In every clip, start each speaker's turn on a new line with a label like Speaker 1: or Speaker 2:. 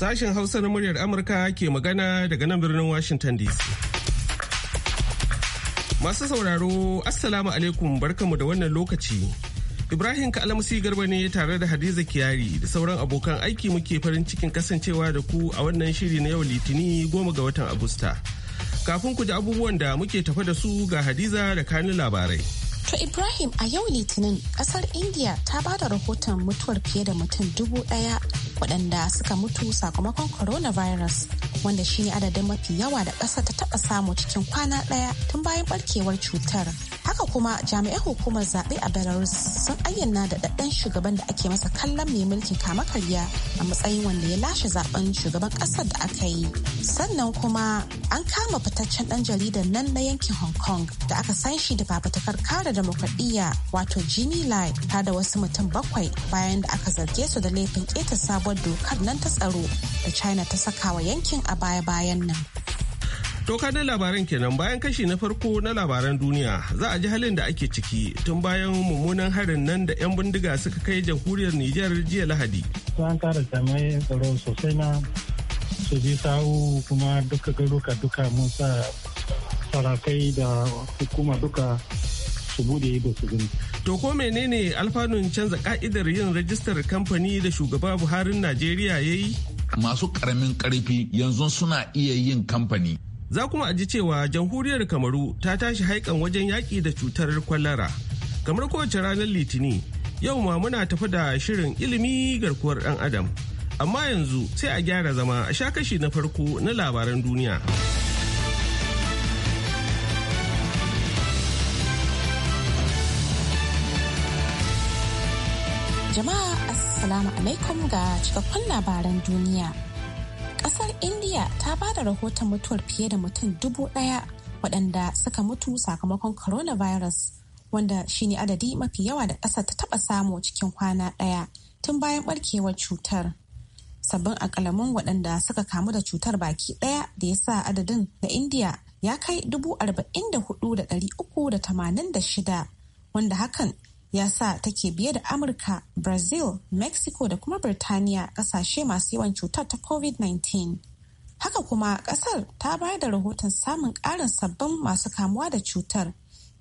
Speaker 1: Sashen Hausa na muryar Amurka ke magana daga nan birnin Washington DC. Masu sauraro, Assalamu alaikum barkamu da wannan lokaci. Ibrahim Kalamusi Garba ne tare da Hadiza Kiyari da sauran abokan aiki muke farin cikin kasancewa da ku a wannan shiri na yau Litini goma ga watan Agusta. Kafin ku ji abubuwan da muke tafa da su ga Hadiza da kanin labarai.
Speaker 2: To Ibrahim a yau Litinin kasar India ta ba da rahoton mutuwar fiye da mutum dubu daya waɗanda suka mutu sakamakon coronavirus wanda shine adadin mafi yawa da ƙasa ta taɓa samu cikin kwana ɗaya tun bayan ɓarkewar cutar haka kuma jami'an hukumar zaɓe a belarus sun ayyana da ɗaɗɗen shugaban da ake masa kallon mai mulkin kama karya a matsayin wanda ya lashe zaben shugaban ƙasar da aka yi sannan kuma an kama fitaccen ɗan jaridar nan na yankin hong kong da aka san shi da fafatakar kare demokradiyya wato jimmy lai ta da wasu mutum bakwai bayan da aka zarge su da laifin keta sabuwar dokar nan ta tsaro da china ta saka wa yankin a baya-bayan nan
Speaker 1: To kanan labaran kenan bayan kashi na farko na labaran duniya za a ji halin da ake ciki tun bayan mummunan harin nan da 'yan bindiga suka kai jamhuriyar Nijar jiya Lahadi.
Speaker 3: An kara jami'ai tsaro sosai na su sawu kuma duka garuka duka da hukuma duka su bude ido su gani.
Speaker 1: To ko menene alfanun canza ka'idar yin rajistar kamfani da shugaba Buharin Najeriya ya yi? Masu karamin karfi yanzu suna iya yin kamfani. Za kuma a ji cewa jamhuriyar Kamaru ta tashi haikan wajen yaƙi da cutar kwalara. Kamar kowace ranar Litini, yau ma muna tafi da shirin ilimi garkuwar ɗan Adam. Amma yanzu sai a gyara zama a sha kashi na farko na labaran duniya.
Speaker 2: Jama'a Assalamu alaikum ga cikakkun labaran duniya. kasar india ta ba da rahoton mutuwar fiye da mutum dubu daya waɗanda suka mutu sakamakon coronavirus wanda shine adadi mafi yawa da ƙasar ta taɓa samu cikin kwana ɗaya tun bayan ɓarkewar cutar sabbin akalamin waɗanda suka kamu da cutar baki ɗaya da ya sa adadin na indiya ya kai dubu arba'in da hudu da dari uku da tamanin da shida wanda hakan ya sa take biye da amurka brazil mexico da kuma birtaniya kasashe masu yawan cutar ta covid-19 haka kuma kasar ta bayar da rahoton samun ƙarin sabbin masu kamuwa da cutar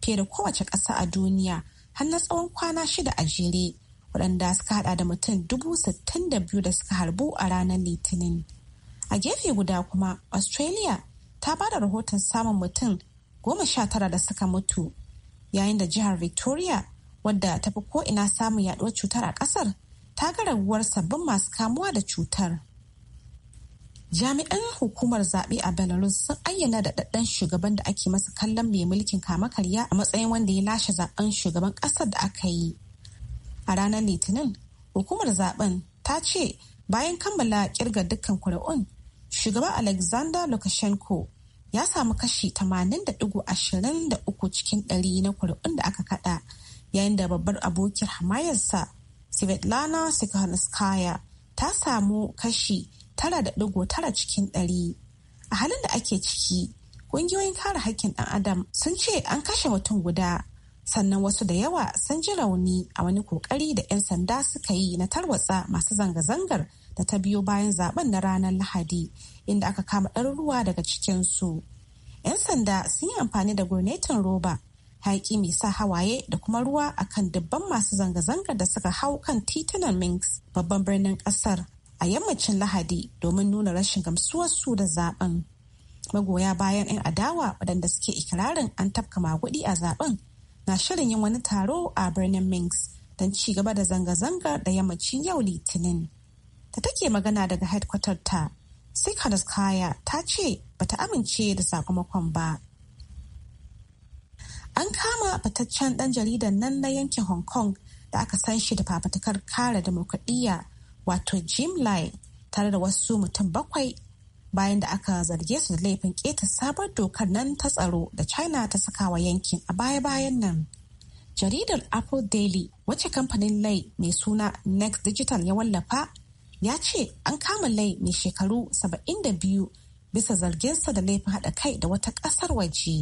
Speaker 2: fiye da kowace ƙasa a duniya har na tsawon kwana shida a jere waɗanda suka hada da mutum dubu sittin da biyu da suka harbu a ranar litinin a gefe guda kuma australia ta ba da rahoton samun mutum goma sha tara da suka mutu yayin da jihar victoria wadda ta fi ko'ina samun yaduwar cutar a kasar ta ga raguwar sabbin masu kamuwa da cutar. Jami'an hukumar zaɓe a Belarus sun ayyana da ɗaɗɗan shugaban da ake masa kallon mai mulkin kama karya a matsayin wanda ya lashe zaɓen shugaban ƙasar da aka yi. A ranar Litinin, hukumar zaɓen, ta ce bayan kammala kirga dukkan kuri'un, shugaban Alexander Lukashenko ya samu kashi 80.23 cikin ɗari na kuri'un da aka kaɗa. yayin da babbar abokiyar hamayarsa Svetlana Sikhanskaya ta samu kashi tara tara cikin ɗari. A halin da ake ciki, ƙungiyoyin kare haƙƙin ɗan adam sun ce an kashe mutum guda, sannan wasu da yawa sun ji rauni a wani ƙoƙari da 'yan sanda suka yi na tarwatsa masu zanga-zangar da ta biyo bayan zaben na ranar Lahadi, inda aka kama ɗaruruwa daga cikinsu. 'Yan sanda sun yi amfani da gonetin roba hayaƙi mai sa hawaye da kuma ruwa akan dubban masu zanga-zanga da suka hau kan titunan minx babban birnin kasar a yammacin lahadi domin nuna rashin su da zaben magoya bayan 'yan adawa waɗanda suke ikirarin an tafka magudi a zaben na shirin yin wani taro a birnin minx don ci gaba da zanga-zangar da yammacin yau litinin ta take magana daga headquarter ta sai kaya ta ce bata amince da sakamakon ba An kama fitaccen ɗan jaridan nan na yankin Hong Kong da aka san shi da fafatakar kare demokradiyya wato Jim Lai tare da wasu mutum bakwai bayan da aka zarge su da laifin keta sabon dokar nan ta tsaro da China ta saka wa yankin a baya-bayan nan. Jaridar Apple Daily wacce kamfanin Lai mai suna Next Digital ya wallafa ya ce an kama Lai mai shekaru 72 bisa zarginsa da laifin haɗa kai da wata ƙasar waje.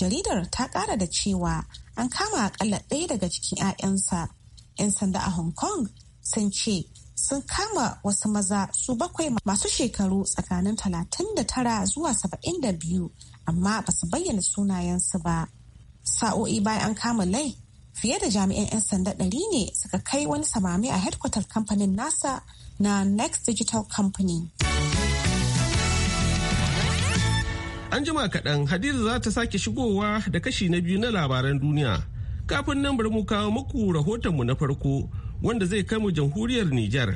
Speaker 2: jaridar ta kara da cewa an kama akalla ɗaya daga cikin 'ya'yansa 'yan sanda a hong kong sun ce sun kama wasu maza su bakwai masu shekaru tsakanin 39 zuwa 72 amma ba su bayyana sunayensu ba sa'o'i bayan an kama lai fiye da jami'an 'yan sanda ɗari ne suka kai wani samami a hedkwatar kamfanin nasa na next digital company.
Speaker 1: An jima kaɗan Hadiza za ta sake shigowa da kashi na biyu na labaran duniya. Kafin nan bari mu kawo muku rahotonmu na farko wanda zai kai mu jamhuriyar Nijar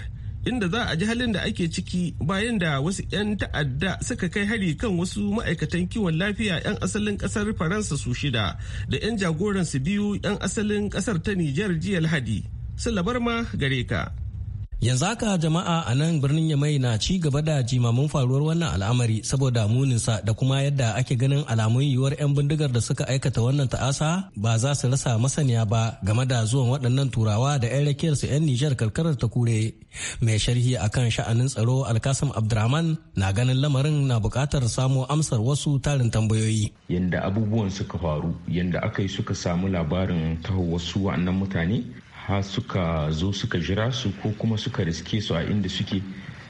Speaker 1: inda za a ji halin da ake ciki bayan da wasu 'yan ta'adda suka kai hari kan wasu ma'aikatan kiwon lafiya 'yan asalin kasar Faransa su shida da 'yan jagoransu biyu 'yan asalin kasar ta Nijar jiya Lahadi. Sulabar ma gare ka.
Speaker 4: Yanzu haka jama'a a nan birnin Yamai na ci gaba da jimamin faruwar wannan al'amari saboda muninsa da kuma yadda ake ganin alamun yiwuwar 'yan bindigar da suka aikata wannan ta'asa ba za su rasa masaniya ba game da zuwan waɗannan turawa da 'yan rakiyar su 'yan Nijar karkarar ta kure. Mai sharhi akan sha'anin tsaro Alkasim Abdurrahman na ganin lamarin na buƙatar samo amsar wasu tarin tambayoyi. Yanda abubuwan suka faru, yanda aka yi suka samu labarin taho wasu wa'annan mutane,
Speaker 5: ha suka zo suka jira su ko kuma suka riske su a inda suke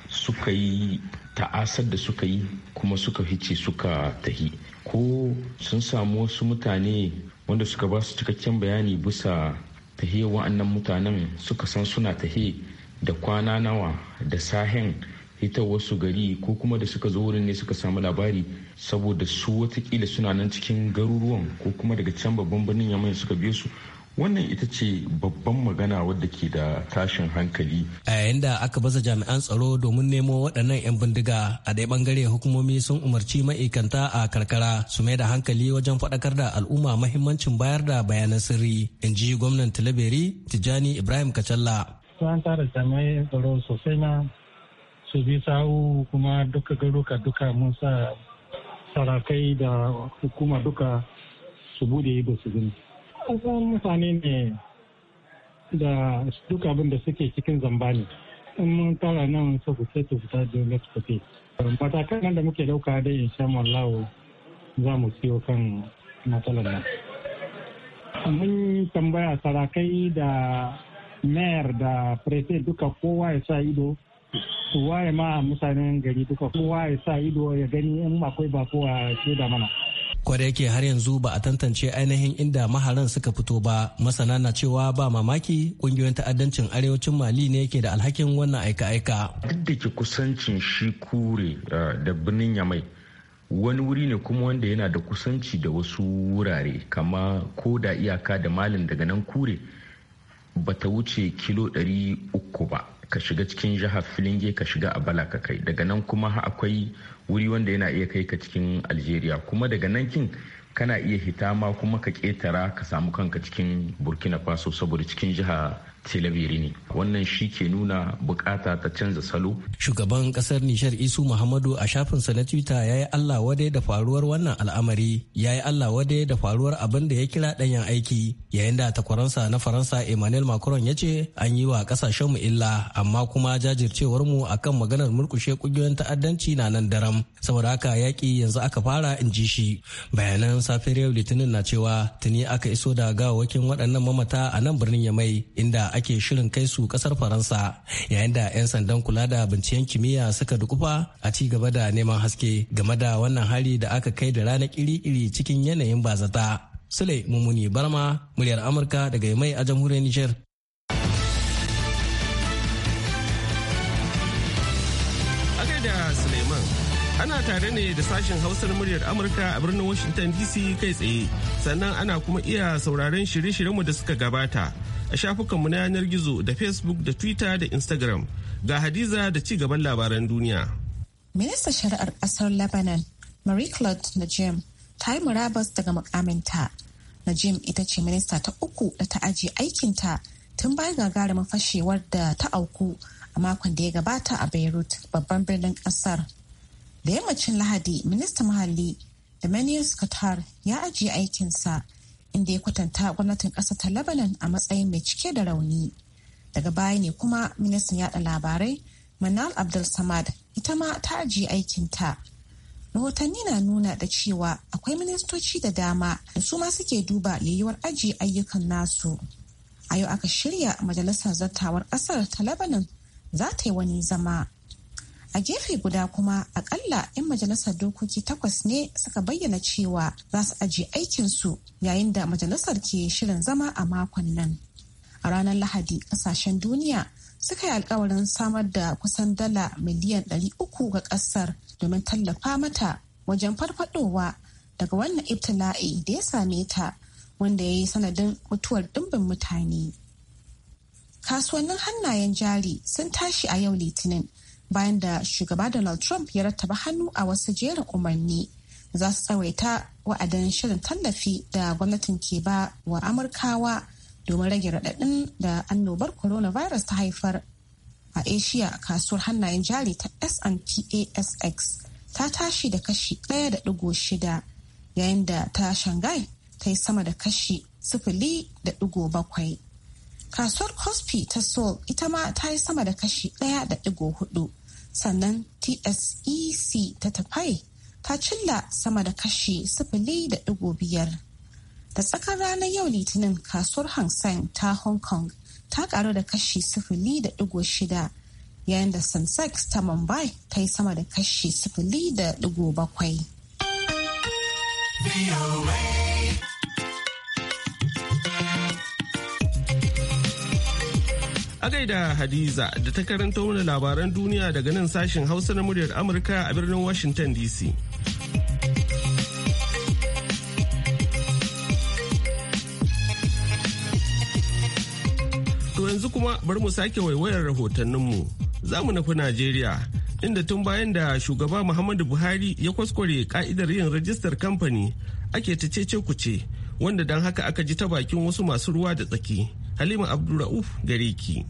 Speaker 5: suka yi ta'asar da suka yi kuma suka hice suka tahi ko sun samu wasu mutane wanda suka ba su cikakken bayani bisa tahe wa'annan mutanen suka san suna tahi da kwana nawa da sahen ita wasu gari ko kuma da suka zo wurin ne suka samu labari saboda su watakila suna nan cikin garuruwan ko kuma daga can babban birnin yamai suka biyo su wannan ita ce babban magana wadda ke da tashin hankali
Speaker 4: a yayin da aka baza jami'an tsaro domin nemo waɗannan 'yan bindiga a ɗaya bangare hukumomi sun umarci ma'aikanta a karkara su mai da hankali wajen faɗakar da al'umma mahimmancin bayar da bayanan sirri in ji gwamnan tilabiri tijjani ibrahim kacalla
Speaker 3: sun tara jami'an tsaro sosai na su bi sahu kuma duka garuka duka mun sa sarakai da hukuma duka su bude ido su gani tsawon mutane ne da duk abin da suke cikin zamba ne in mun tara nan su fita su fita da su tafi matakan nan da muke dauka da in sha mallawo za mu siyo kan matsalar nan mun tambaya sarakai da mayar da prefe duka kowa ya sa ido waye ma mutanen gari duka kowa ya sa ido ya gani in akwai ba kowa ya da mana Kwada
Speaker 4: yake har yanzu ba a tantance ainihin inda maharan suka fito ba, masana na cewa ba mamaki kungiyoyin ta'addancin arewacin Mali ne yake da alhakin wannan aika-aika. Duk da ke kusancin
Speaker 5: shi kure da birnin Yamai, wani wuri ne kuma wanda yana da kusanci da wasu wurare kama ko da iyaka da malin daga nan kure ba ta wuce kilo 300 ba ka shiga cikin jihar filinge ka shiga a bala ka kai daga nan kuma akwai wuri wanda yana iya kai ka cikin algeria kuma daga nan kin kana iya hita ma kuma ka ketara ka samu kanka cikin burkina faso saboda cikin jiha tilabiri ne wannan shi ke nuna bukata ta canza salo
Speaker 4: shugaban kasar nishar isu muhammadu a shafinsa na twitter ya yi allah wadai da faruwar wannan al'amari ya yi allah wadai da faruwar abin da ya kira danyen aiki yayin da takwaransa na faransa emmanuel macron ya ce an yi wa mu illa amma kuma jajircewar mu akan maganar mulkushe kungiyoyin ta'addanci na nan daram saboda haka yaƙi yanzu aka fara in ji shi bayanan safiyar yau litinin na cewa tuni aka iso da gawawakin waɗannan mamata a nan birnin yamai inda ake shirin kai su kasar faransa yayin da 'yan sandan kula da binciken kimiyya suka dukufa a ci gaba da neman haske game da wannan hari da aka kai da rana iri-iri cikin yanayin bazata sule mummuni barma muryar amurka daga mai a jamhuriyar niger
Speaker 1: da Suleiman. Ana tare ne da sashen Hausar muryar Amurka a birnin Washington DC kai tsaye. Sannan ana kuma iya sauraron shirye-shiryenmu da suka gabata a shafukanmu na yanar gizo da facebook da twitter da instagram ga hadiza da ci gaban labaran duniya
Speaker 2: Minista shari'ar ƙasar lebanon marie claude najim ta yi murabas daga mukaminta najim ita ce minista ta uku da ta ajiye aikinta tun bayan gagarumin fashewar da ta auku a makon da ya gabata a beirut babban birnin ƙasar. da yammacin lahadi Minista muhalli Emmanuel Qatar ya ajiye aikinsa inda ya kwatanta gwamnatin ƙasa ta Lebanon a matsayin mai cike da rauni. Daga baya ne kuma ministan yada labarai Manal Abdul Samad ita ma ta ajiye aikinta. Rahotanni na nuna da cewa akwai ministoci da dama da su ma suke duba yiwuwar ajiye ayyukan nasu. A yau aka shirya majalisar zartawar ƙasar ta Lebanon za ta yi wani zama. a gefe guda kuma akalla 'yan majalisar dokoki takwas ne suka bayyana cewa za su ajiye aikinsu yayin da majalisar ke shirin zama a makon nan a ranar lahadi kasashen duniya suka yi alkawarin samar da kusan dala miliyan 300 ga kasar domin tallafa mata wajen farfadowa daga wannan ibtila'i da ya same ta wanda ya yi sanadin mutuwar dimbin mutane kasuwannin hannayen jari sun tashi a yau litinin bayan da shugaba Donald Trump ya rattaba hannu a wasu jerin umarni za su tsawaita wa'adin shirin tallafi da gwamnatin ke ba wa Amurkawa domin rage raɗaɗin da annobar coronavirus ta haifar. A Asia kasuwar hannayen jari ta S&P ta tashi da kashi 1.6 yayin da ta Shanghai ta yi sama da kashi 0.7. Kasuwar Kospi ta Seoul ita ma ta yi sama da kashi da 1.4. sannan tsec ta tafai ta cilla sama da kashi sifili da digo biyar da tsakar ranar yau litinin kasuwar hong kong ta hong kong ta karu da kashi sifili da digo shida yayin da sansex ta mumbai ta yi sama da kashi sifili da digo bakwai.
Speaker 1: A gaida Hadiza da ta karanta mana labaran duniya daga nan sashen Hausa na muryar Amurka a birnin Washington DC. To yanzu kuma bar mu sake waiwayar rahotanninmu. Za mu nufi Najeriya, inda tun bayan da shugaba Muhammadu Buhari ya kwaskware ka'idar yin rajistar kamfani ake ta cece kuce, wanda don haka aka ji ta bakin wasu masu ruwa da tsaki. Halima Abdulrauf gare ki.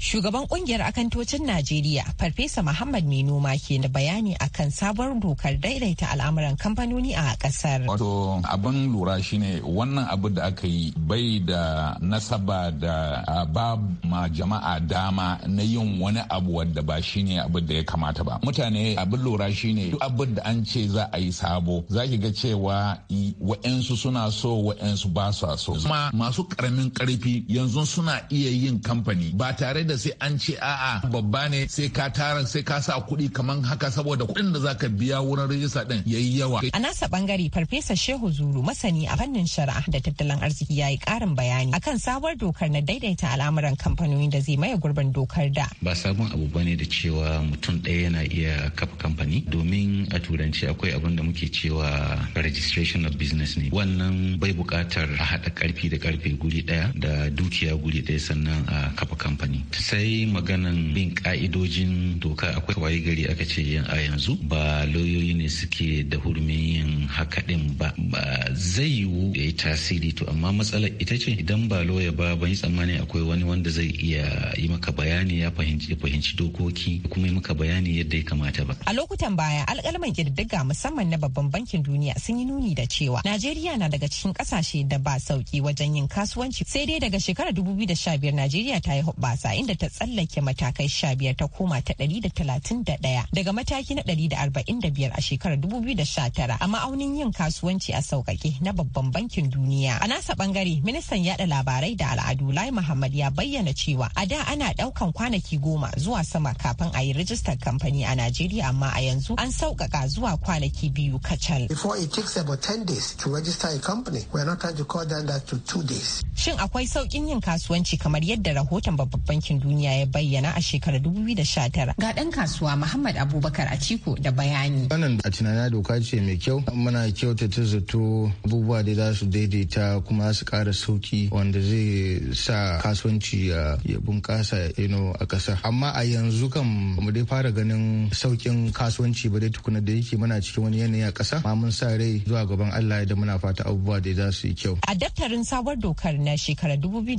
Speaker 6: Shugaban kungiyar akantocin Najeriya, Farfesa Muhammad ma ke da bayani akan sabuwar dokar daidaita al'amuran kamfanoni a
Speaker 5: kasar. Wato abin lura shine wannan abu da aka yi bai da nasaba da ba ma jama'a dama na yin wani abu wadda ba shine abu da ya kamata ba. Mutane abin lura shine duk abin da an ce za a yi sabo za ki ga cewa wa'ensu suna so wa'ensu ba su so. Kuma masu ƙaramin ƙarfi yanzu suna iya yin kamfani ba tare da sai an ce a'a babba ne sai ka tara sai ka sa kuɗi kaman haka saboda kuɗin da zaka biya wurin rijista din yayi yawa. A
Speaker 6: nasa bangare Farfesa Shehu Zuru masani a fannin shari'a da tattalin arziki yayi ƙarin bayani akan sabuwar dokar na daidaita al'amuran kamfanoni da zai maye gurbin dokar da.
Speaker 5: Ba sabon abu bane da cewa mutum ɗaya yana iya kafa kamfani domin a turanci akwai abin da muke cewa registration of business ne wannan bai buƙatar a haɗa ƙarfi da ƙarfe guri ɗaya da dukiya guri ɗaya sannan a kafa kamfani. sai maganan bin ka'idojin doka akwai waye gari aka ce yin a yanzu ba lauyoyi ne suke da hurumin yin haka din ba ba zai yiwu ya tasiri to amma matsalar ita ce idan ba lauya ba ban yi tsammani akwai wani wanda zai iya yi maka bayani ya fahimci dokoki kuma yi maka bayani yadda ya kamata
Speaker 2: ba
Speaker 6: a lokutan baya alkalman ƙididdiga musamman na babban bankin duniya sun yi nuni da cewa najeriya na daga cikin ƙasashe da ba sauki wajen yin kasuwanci sai dai daga shekarar dubu da biyar najeriya ta yi hubbasa inda ta tsallake matakai sha biyar ta koma ta ɗari da talatin da ɗaya daga mataki na ɗari da arba'in da biyar a shekarar dubu biyu da sha tara a ma'aunin yin kasuwanci a sauƙaƙe na babban bankin duniya. A nasa ɓangare ministan yaɗa labarai da al'adu Lai Muhammad ya bayyana cewa a da ana ɗaukan kwanaki goma zuwa sama kafin a yi rijistar kamfani a Najeriya amma a yanzu an sauƙaƙa zuwa kwanaki biyu kacal. Before
Speaker 3: it takes about 10 days to register a company, are not trying to call down that to two days.
Speaker 6: Shin akwai sauƙin yin kasuwanci kamar yadda rahoton babban bankin duniya ya bayyana a shekarar 2019 ga ɗan kasuwa muhammad abubakar a da bayani
Speaker 7: wannan a tunanin doka ce mai kyau muna kyautata zato abubuwa da za su daidaita kuma su ƙara sauki wanda zai sa kasuwanci ya bunƙasa a ƙasa amma a yanzu kan mu dai fara ganin sauƙin kasuwanci ba dai tukuna da yake muna cikin wani yanayi a ƙasa ma mun sa rai zuwa gaban Allah da muna fata abubuwa da za su yi kyau
Speaker 6: a daftarin sabuwar dokar na shekarar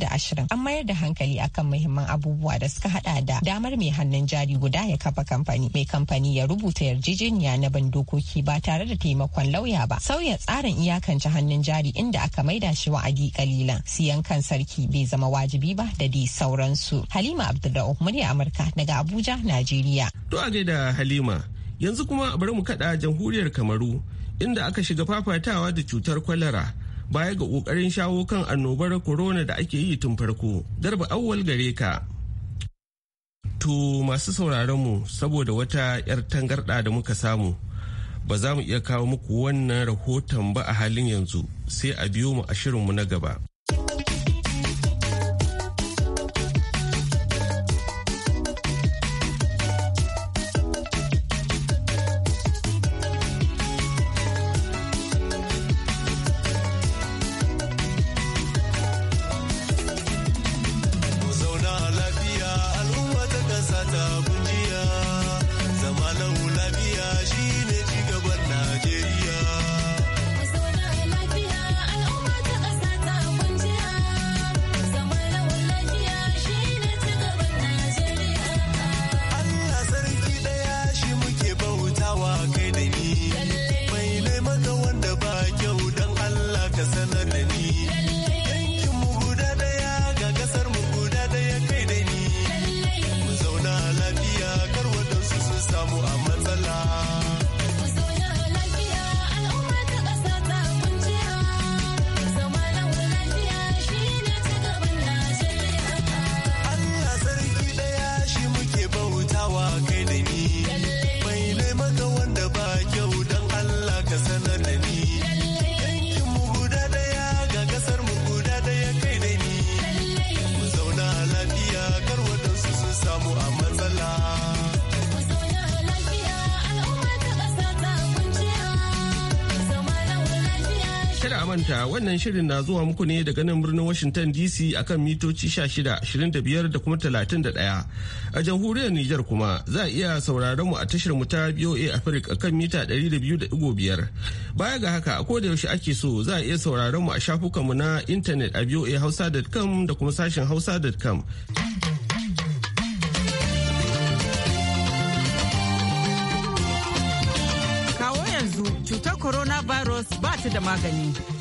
Speaker 6: ashirin an mayar da hankali akan muhimman abubuwa abubuwa da suka hada da damar mai hannun jari guda ya kafa kamfani mai kamfani ya rubuta yarjejeniya na ban dokoki ba tare da taimakon lauya ba sauya tsarin iyakance hannun jari inda aka maida shi wa'adi kalilan siyan kan sarki bai zama wajibi ba da dai sauransu halima abdullahi murya amurka daga abuja najeriya
Speaker 1: to a da halima yanzu kuma bari mu kada jamhuriyar kamaru inda aka shiga fafatawa da cutar kwalara baya ga kokarin shawo kan annobar corona da ake yi tun farko darba awwal gare ka To masu mu saboda wata 'yar tangarɗa da muka samu ba za mu iya kawo muku wannan rahoton ba a halin yanzu sai a biyo mu a shirinmu na gaba. Wannan shirin na zuwa muku ne daga nan birnin Washington DC akan mitoci 16, 25 da kuma 31. A jamhuriyar Nijar kuma za a iya sauraron mu a tashar mu ta BOA Africa akan mita 200.5. Baya ga haka a da yaushe ake so za a iya sauraron mu a shafukan mu na intanet a hausa.com da kuma sashen hausa.com.
Speaker 2: Kawo yanzu cutar coronavirus ba ta da magani.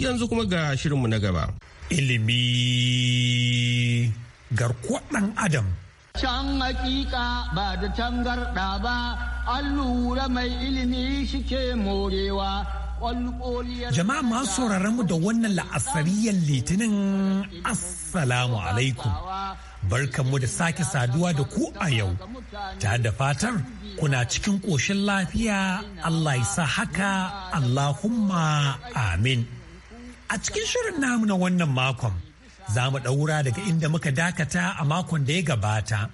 Speaker 1: yanzu kuma ga shirinmu na gaba. Ilimi garkuwar ɗan Adam.
Speaker 7: Can hakika ba da tangarɗa ba, an lura mai ilimi shike morewa. Jama'a
Speaker 3: masu sauraron mu da wannan la'asariyar litinin Assalamu alaikum. Barkanmu da sake saduwa da ku a yau, ta da fatar kuna cikin ƙoshin lafiya Allah ya sa haka Allahumma amin. A cikin shirin namu na wannan makon za mu ɗaura daga inda muka dakata a makon da ya gabata.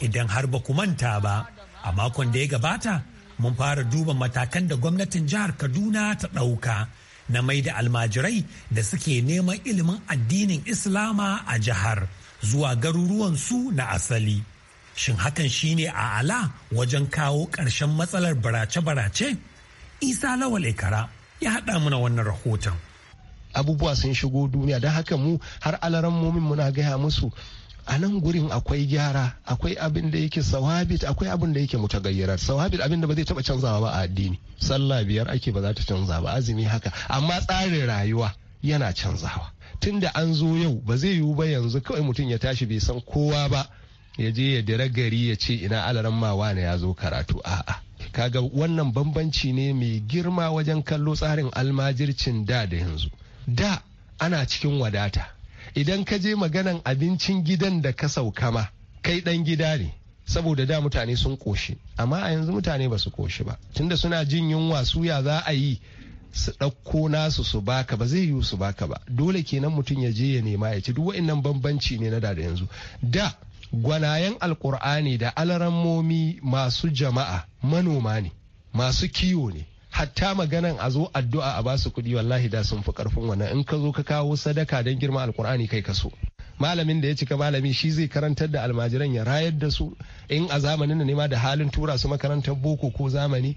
Speaker 3: Idan har ba ku manta ba, a makon da ya gabata mun fara duba matakan da gwamnatin jihar Kaduna ta ɗauka na mai da almajirai da suke neman ilimin addinin Islama a jihar zuwa garuruwansu na asali. Shin hakan shine a ala wajen kawo ƙarshen matsalar barace-barace? Isa Lawal Ikara ya haɗa mana wannan rahoton. abubuwa
Speaker 8: sun shigo duniya don haka mu har alaran momin muna gaya musu a nan gurin akwai gyara akwai abin da yake sawabit akwai abin da yake mutagayyarar sawabit abin da ba zai taba canzawa ba a addini sallah biyar ake ba za ta canza ba azumi haka amma tsarin rayuwa yana canzawa tunda an zo yau ba zai yiwu ba yanzu kawai mutum ya tashi bai san kowa ba ya je ya dira gari ya ce ina alaran ma wane ya zo karatu a'a kaga wannan bambanci ne mai girma wajen kallo tsarin almajircin da da yanzu da ana cikin wadata idan ka je maganan abincin gidan da ka sauka ma kai dan gida ne saboda da mutane sun koshi amma a yanzu mutane ba su koshi ba tunda suna jin yunwa suya za a yi su ɗauko nasu su baka ba zai yi su baka ba dole kenan mutum ya je ya nema ya ci duk wa'annan bambanci ne na da da yanzu da gwanayen alkur'ani da alarammomi masu jama'a manoma ne masu kiwo ne hatta maganan a zo addu'a a basu kuɗi wallahi da sun fi ƙarfin wannan in ka zo ka kawo sadaka don girma alkur'ani kai ka so malamin da ya cika malami shi zai karantar da almajiran ya rayar da su in a zamanin na nema da halin tura su makarantar boko ko zamani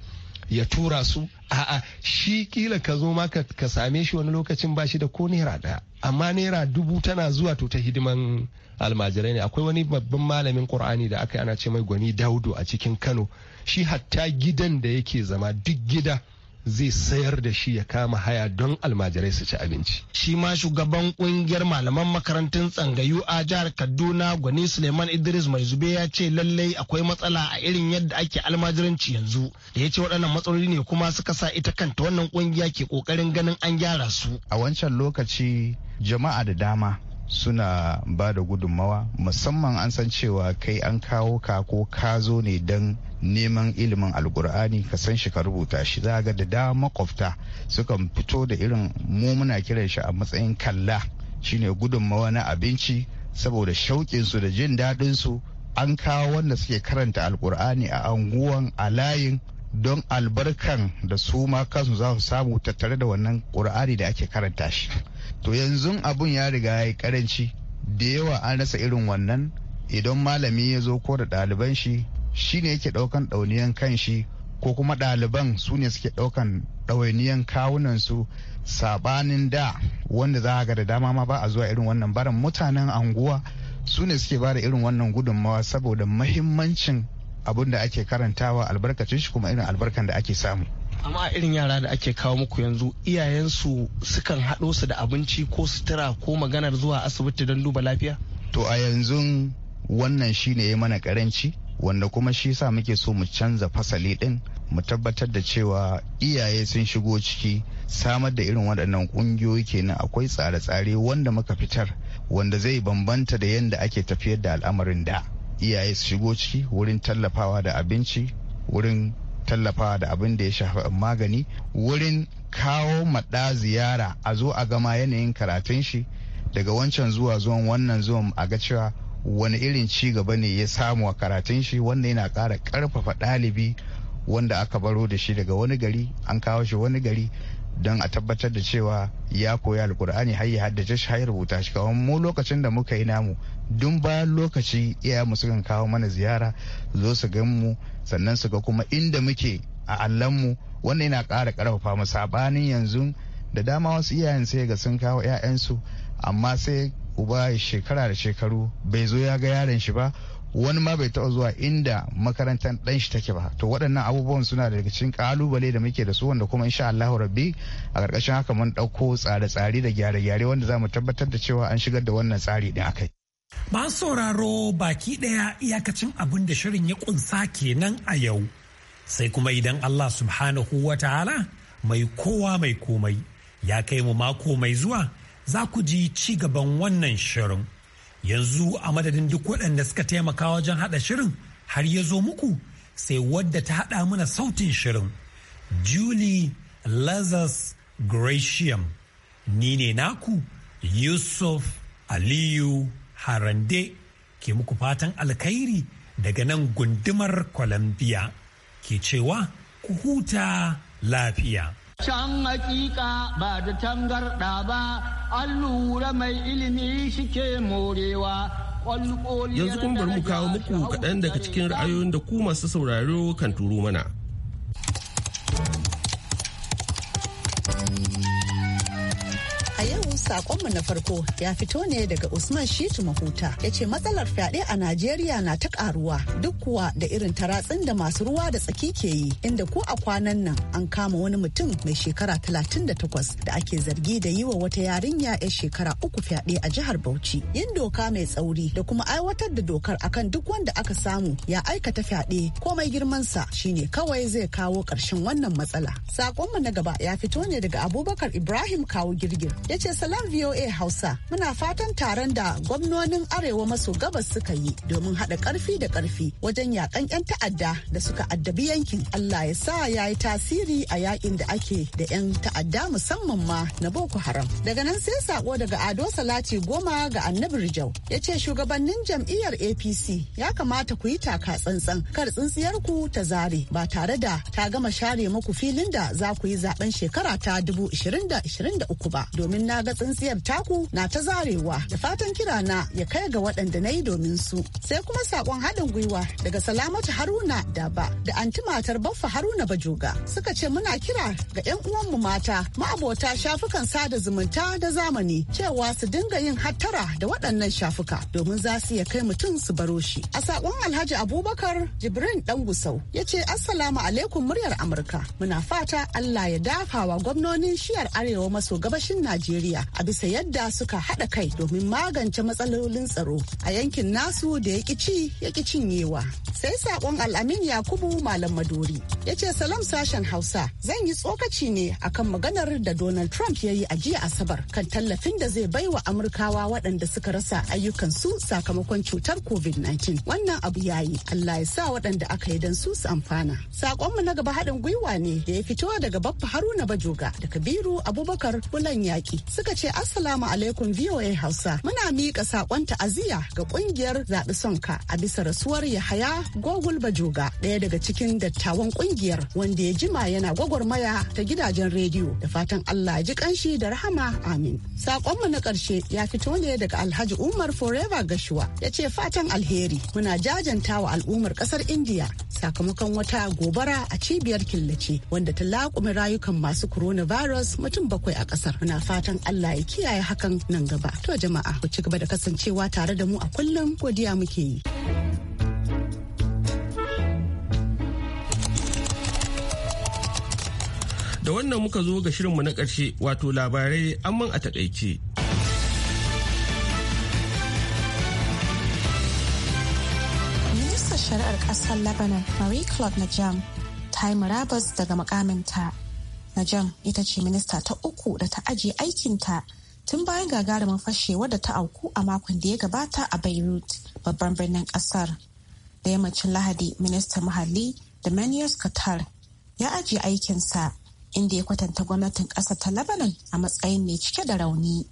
Speaker 8: ya tura su a'a shi kila ka zo ma ka same shi wani lokacin ba shi da ko naira daya amma naira dubu tana zuwa to ta hidiman almajirai ne akwai wani babban malamin qur'ani da aka ana ce mai gwani daudu a cikin kano shi hatta gidan da yake zama duk gida zai sayar da shi ya kama haya don almajirai su ci abinci. Shi ma shugaban kungiyar malaman makarantun tsangayu a jihar Kaduna Gwani Suleiman Idris Mai Zube ya ce lallai akwai matsala a irin yadda ake almajiranci yanzu. Da ya ce waɗannan matsaloli ne kuma suka sa ita kanta wannan kungiya ke ƙoƙarin ganin an gyara su.
Speaker 7: A wancan lokaci jama'a da dama suna ba da gudunmawa musamman an san cewa kai an kawo ka ko ka zo ne don neman ilimin alkur'ani ka san shi ka rubuta shi za ga da dama makwabta sukan fito da irin mu muna kiran shi a matsayin kalla shine gudunmawa na abinci saboda su da jin su an kawo wanda suke karanta alkur'ani a anguwan a layin don albarkan da su ma kansu za su samu tattare da wannan ƙur'ani da ake karanta shi to yanzu abun ya riga ya yi karanci da yawa an rasa irin wannan idan malami ya zo ko da ɗaliban shi shi ne yake ɗaukan ɗauniyan kan shi ko kuma ɗaliban su ne suke ɗaukan ɗawainiyan kawunansu sabanin da wanda za a ga da dama ma ba a zuwa irin wannan barin mutanen anguwa su ne suke bada irin wannan gudunmawa saboda mahimmancin abin da ake karantawa albarkacin shi kuma irin albarkan da ake samu.
Speaker 8: amma a irin yara da ake kawo muku yanzu iyayensu sukan haɗo su da abinci ko sutura ko maganar zuwa asibiti don duba lafiya
Speaker 7: to a yanzu wannan shi ne ya mana karanci wanda kuma shi sa muke so mu canza fasali din mu tabbatar da cewa iyaye sun shigo ciki samar da irin waɗannan ƙungiyoyi kenan akwai tsare-tsare wanda muka fitar wanda zai bambanta da yadda ake tafiyar da al'amarin da iyaye su shigo ciki wurin tallafawa da abinci wurin tallafawa da abin da ya shafi magani wurin kawo maɗa ziyara a zo a gama yanayin karatun shi daga wancan zuwa zuwan wannan zuwan a ga cewa wani irin ci gaba ne ya samu a karatun shi wanda yana ƙara ƙarfafa ɗalibi wanda aka baro da shi daga wani gari an kawo shi wani gari don a tabbatar da cewa ya koyi alkur'ani har ya haddace shi har rubuta shi kawai mu lokacin da muka yi namu dun bayan lokaci iyayen mu sukan kawo mana ziyara zo su gan mu sannan su ga kuma inda muke a allon mu wanda yana ƙara ƙarfafa mu sabanin yanzu da dama wasu iyayen sai ga sun kawo 'ya'yansu amma sai uba shekara da shekaru bai zo ya ga yaron shi ba wani ma bai taɓa zuwa inda makarantar ɗan shi take ba to waɗannan abubuwan suna daga cikin kalubale da muke da su wanda kuma insha Allahu rabbi a ƙarƙashin haka mun ɗauko tsare-tsare da gyare-gyare wanda za mu tabbatar da cewa an shigar da wannan tsari ɗin akai.
Speaker 3: Ba sauraro baki ɗaya iyakacin abin da shirin ya kunsa kenan a yau. Sai kuma idan Allah subhanahu wa ta'ala mai kowa mai komai ya kai mu mako mai zuwa za ku ji ci gaban wannan shirin. yanzu a madadin duk waɗanda suka taimaka wajen haɗa shirin har ya zo muku sai wadda ta haɗa mana sautin shirin julie lazarus gratium ni ne naku yusuf aliyu harande ke muku fatan alkhairi daga nan gundumar columbia ke cewa ku huta lafiya
Speaker 7: can hakika ba da tangarɗa ba allura mai ilimi shike morewa yanzu kuma bari mu kawo
Speaker 1: muku kaɗan daga cikin ra'ayoyin da ku masu sauraro kan turo mana
Speaker 9: Sakonmu na farko ya fito ne daga Usman Shitu Mahuta ya ce matsalar fyaɗe a Najeriya na ta ƙaruwa duk kuwa da irin taratsin da masu ruwa da tsaki ke yi inda ko a kwanan nan an kama wani mutum mai shekara 38 da ake zargi da yi wa wata yarinya ya shekara uku fyaɗe a jihar Bauchi. Yin doka mai tsauri da kuma aiwatar da dokar akan duk wanda aka samu ya aikata fyaɗe komai girmansa shine kawai zai kawo ƙarshen wannan matsala. Sakonmu na gaba ya fito ne daga Abubakar Ibrahim Kawo Girgir ya ce Salam VOA Hausa muna fatan taron da gwamnonin Arewa maso gabas suka yi domin haɗa ƙarfi da ƙarfi wajen yaƙan 'yan ta'adda da suka addabi yankin. Allah ya sa ya yi tasiri a yaƙin da ake da 'yan ta'adda musamman ma na Boko Haram. Daga nan sai sako daga Ado Salati Goma ga Annabi Rijau ya ce shugabannin jam'iyyar APC ya kamata ku yi taka tsantsan kar tsintsiyar ku ta zare ba tare da ta gama share muku filin da za ku yi zaben shekara ta 2023 ba domin na ga tsintsiyar taku na ta zarewa da fatan kira na ya kai ga waɗanda na yi domin su. Sai kuma saƙon haɗin gwiwa daga Salamatu Haruna da ba. da anti matar Baffa Haruna Bajoga suka ce muna kira ga 'yan uwanmu mata ma'abota shafukan sada zumunta da zamani cewa su dinga yin hattara da waɗannan shafuka domin za su iya kai mutum su baro shi. A saƙon Alhaji Abubakar Jibrin gusau ya ce Assalamu alaikum muryar Amurka muna fata Allah ya dafawa gwamnonin shiyar Arewa maso gabashin Najeriya a bisa yadda suka haɗa kai domin magance matsalolin tsaro a yankin nasu da ya ci ya cinyewa. Sai saƙon al'amin Yakubu Malam Maduri ya ce salam sashen Hausa zan yi tsokaci ne akan maganar da Donald Trump ya yi a jiya Asabar kan tallafin da zai baiwa Amurkawa waɗanda suka rasa ayyukansu sakamakon cutar COVID-19. Wannan abu ya yi Allah ya sa waɗanda aka yi don su su amfana. Saƙonmu na gaba haɗin gwiwa ne da ya fito daga Baffa Haruna Bajoga da Kabiru Abubakar Bulan Yaƙi suka ce ce Assalamu alaikum VOA Hausa. Muna miƙa saƙon ta'aziyya ga ƙungiyar zaɓi sonka a bisa rasuwar Yahaya Gogul Bajoga ɗaya daga cikin dattawan ƙungiyar wanda ya jima yana gwagwarmaya ta gidajen rediyo da fatan Allah ji ƙanshi da rahama amin. Saƙonmu na ƙarshe ya fito ne daga Alhaji Umar Forever Gashuwa ya ce fatan alheri muna jajanta wa al'ummar ƙasar Indiya sakamakon wata gobara a cibiyar killace wanda ta laƙume rayukan masu coronavirus mutum bakwai a ƙasar. Muna fatan Allah ya kiyaye hakan nan gaba. To jama'a ku ci gaba da kasancewa tare da mu a kullum godiya muke yi.
Speaker 1: Da wannan muka zo ga shirinmu na ƙarshe wato labarai amman a taƙaice.
Speaker 2: kasar Lebanon Marie Claude Najam ta yi murabas daga makaminta. Najam ita ce minista ta uku da ta ajiye aikinta tun bayan gagarumin fashewa da ta auku a makon da ya gabata a Beirut babban birnin kasar Da yammacin Lahadi minista muhalli da Manius Qatar ya ajiye aikinsa inda ya kwatanta gwamnatin kasar ta Lebanon a matsayin mai cike da rauni.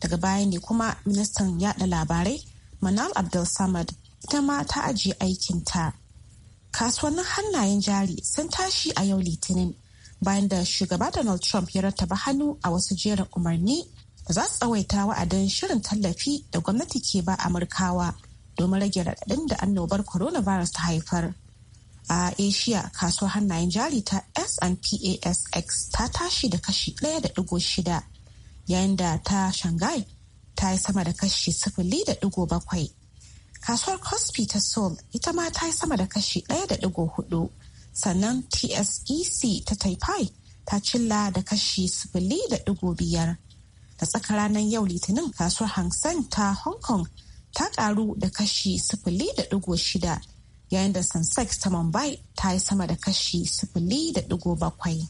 Speaker 2: Daga baya ne kuma ministan yada labarai Manal Abdul Samad ita ma ta ajiye aikinta kasuwannin hannayen jari sun tashi a yau litinin bayan da shugaba donald trump ya rattaba hannu a wasu jerin umarni da za su tsawaita wa'adin shirin tallafi da gwamnati ke ba amurkawa domin rage raɗaɗin da annobar coronavirus ta haifar a asia kasuwar hannayen jari ta S&PASX ta tashi da kashi da shida, yayin da ta shanghai ta yi sama da kashi sifili da 0.7 kasuwar cosby ta seoul ita ma ta yi sama da kashi 1.4 sannan tsec ta taipai ta cilla da kashi 0.5 da tsaka ranar yau litinin kasuwar hang Seng ta hong kong ta karu da kashi 0.6 yayin da sansex ta mumbai ta yi sama da kashi 0.7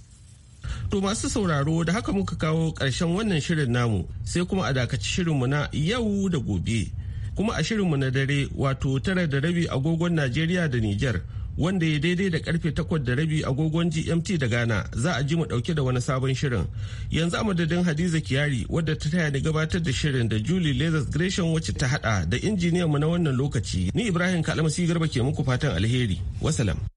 Speaker 1: To masu sauraro da haka muka kawo ƙarshen wannan shirin namu sai kuma a dakaci shirinmu na yau da gobe kuma a shirinmu na dare wato tara da rabi agogon Najeriya da Nijar wanda ya daidai da karfe takwas da rabi agogon GMT da Ghana za a ji mu dauke da wani sabon shirin. Yanzu a madadin Hadiza Kiyari wadda ta taya ni gabatar da shirin da Julie Lazarus Gresham wacce ta hada da injiniyan na wannan lokaci. Ni Ibrahim Kalamasi Garba ke muku fatan alheri. Wasalam.